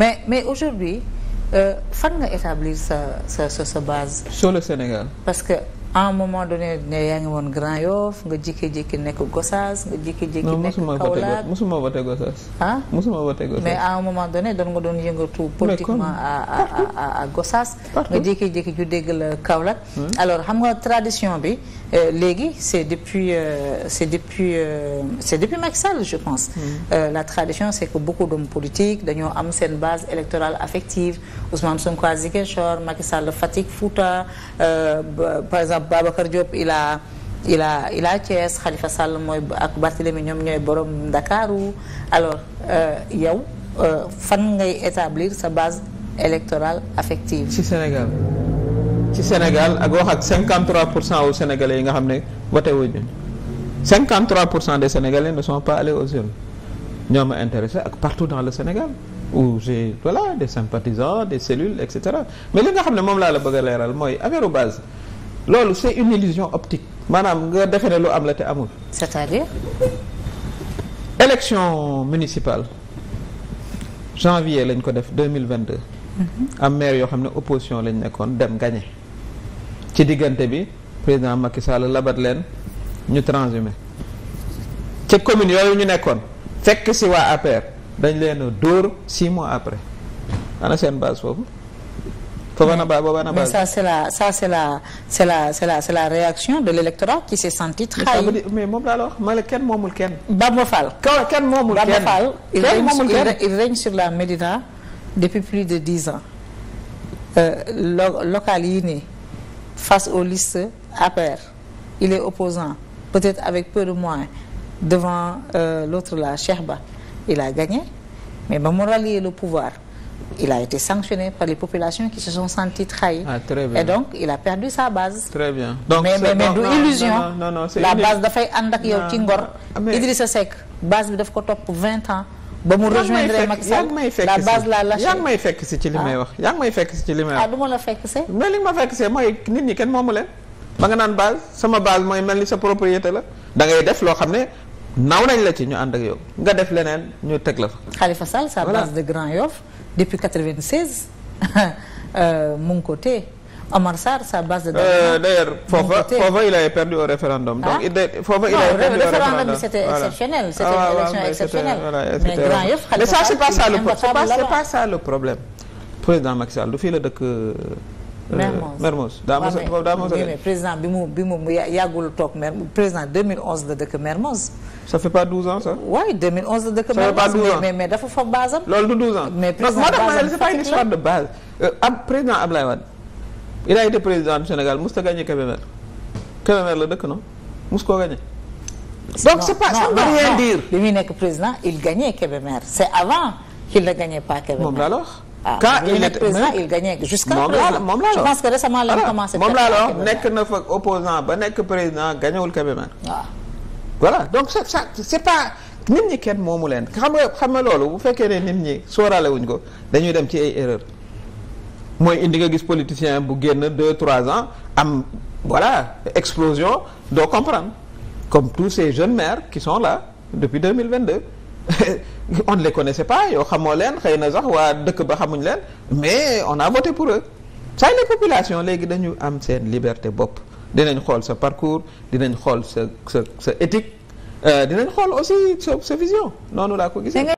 mais mais aujourd'hui euh, fan euh, nga établir sa sa sa base. sur le Sénégal. parce que à un moment donné ne yaa ngi woon Grand Yoff nga jékki-jékki nekk Gossas nga jékki-jékki nekk Kaolack musuma voté Gossas ah musuma voté Gossas mais à un moment donné nga doon yëngatu politiquement à à à Gossas nga jékki-jékki ju dégg la Kaolack alors xam nga tradition bi euh, léegi c'est depuis euh, c'est depuis euh, c'est depuis Macky Sall je pense la tradition c'est que beaucoup d'hommes politiques dañoo am seen base électorale affective Ousmane Sonko à Ziguinchor Macky Sall Fatick Fouta par exemple Babacar Diop il a il a il a Sall mooy ak Barthélemy ñoom ñooy borom Ndakaaru alors euh, yow euh, fan ngay établir sa base électoral affective. ci Sénégal ci Sénégal ak wax ak 53 pour cent aux Sénégalais yi nga xam ne voté wuñu 53 pour cent des Sénégalais ne sont pas allés aux urnes ñoo a intéressé ak partout dans le Sénégal. où j'ai voilà des sympathisants des cellules et cetera mais li nga xam ne moom laa la bëgg leeral mooy affaire base loolu c'est une optique maanaam nga defe ne lu am la te amul. c'est-à-dire. élection municipale janvier lañ ko def deux mille vingt deux. Mhm. am maire yoo xam ne opposition lañ nekkoon dem gagné. ci diggante bi président Macky Sall labat leen ñu transhumé ca commune yooyu ñu nekkoon fekk si waa APR dañ leen a dóor six mois après ana seen base foofu. Mais ça, c'est la, ça, c'est la, c'est la, c'est la, réaction de l'électorat qui s'est senti trahi. Mais moom la alors, ma la kenn moomul kenn. Bamba Fall. Kenn il règne, sur la Médina depuis plus de dix ans. Euh, local yi nii face aux listes APR, il est opposant, peut-être avec peu de moyens, devant euh, l'autre là, Cheikh Ba. Il a gagné, mais ba mu le pouvoir. il a été par les populations qui se sont senties trahies. Ah, très bien. Et donc, il ko topp 20 ans. ba mu rejoindre Macky Sall la base la yaa ngi may fekk si ci li may ah. wax yaa ngi may fekk si ci li may ah, wax. ah du ma la fekk see. mais li ma fekk see mooy nit ñi kenn moomu leen. ba nga naan base sama base mooy mel ni sa propriété la da ngay def loo xam ne. naw nañ la ci ñu ànd ak yow nga def leneen ñu teg la fa. Khalifa Sall sa base de Grand Yoff depuis 96 euh, mu ngi ko téye Omar Sarr sa base de. Euh, d'ailleurs foofa foofa il avait perdu au référendum. donc ah. il de perdu au référendum c'était exceptionnel. c'était ah, une élection exceptionnelle. mais grand yëf mais ça c'est pas le problème. président Macky du fii la dëkk. Euh, Mermoz daa mos daa président bi mu bi mu yàggul toog Mermoz président 2011 la dëkk Mermoz. ça fait pas 12 ans ça. waaw 2011 la dëkk. ça fait pas 12 mais mais dafa fa base am. loolu du ans mais président base am moo tax ma ne c'est pas une de base. Euh, ab président Ablaye Wade il a été président du Sénégal mosut a gagné Kébémer la dëkk non mos koo gagné. donc c'est pas ça ne veut rien dire. bi nekk président il gagnait Kébémer c'est avant qu'il ne gagnait pas Kébémer. moom la alors. Ah, il était président il gagnait jusqu'à présent moom la je que récemment la ah, moom la alors nekk na fa opposant ba nekk président gagnewul Kébémer. waaw. Ah. voilà donc ça ça c'est pas nit ñi kenn moomu leen xam nga xam nga loolu bu fekkee ne nit ñi sóoraale wuñ ko dañuy dem ci ay erreur mooy indi nga gis politicien bu génn deux trois ans am voilà explosion doo comprendre comme tous ces jeunes maires qui sont là depuis 2022 on ne les pas yow xamoo leen xëy na sax waa dëkk ba xamuñ leen mais on a voté pour eux ça les populations léegi dañu am seen liberté bopp dinañ xool sa parcours dinañ xool sa sa sa éthique euh, dinañ xool aussi sa sa vision noonu laa ko gisee